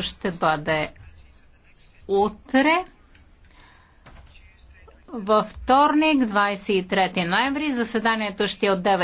ще бъде утре. Във вторник, 23 ноември, заседанието ще е от 9.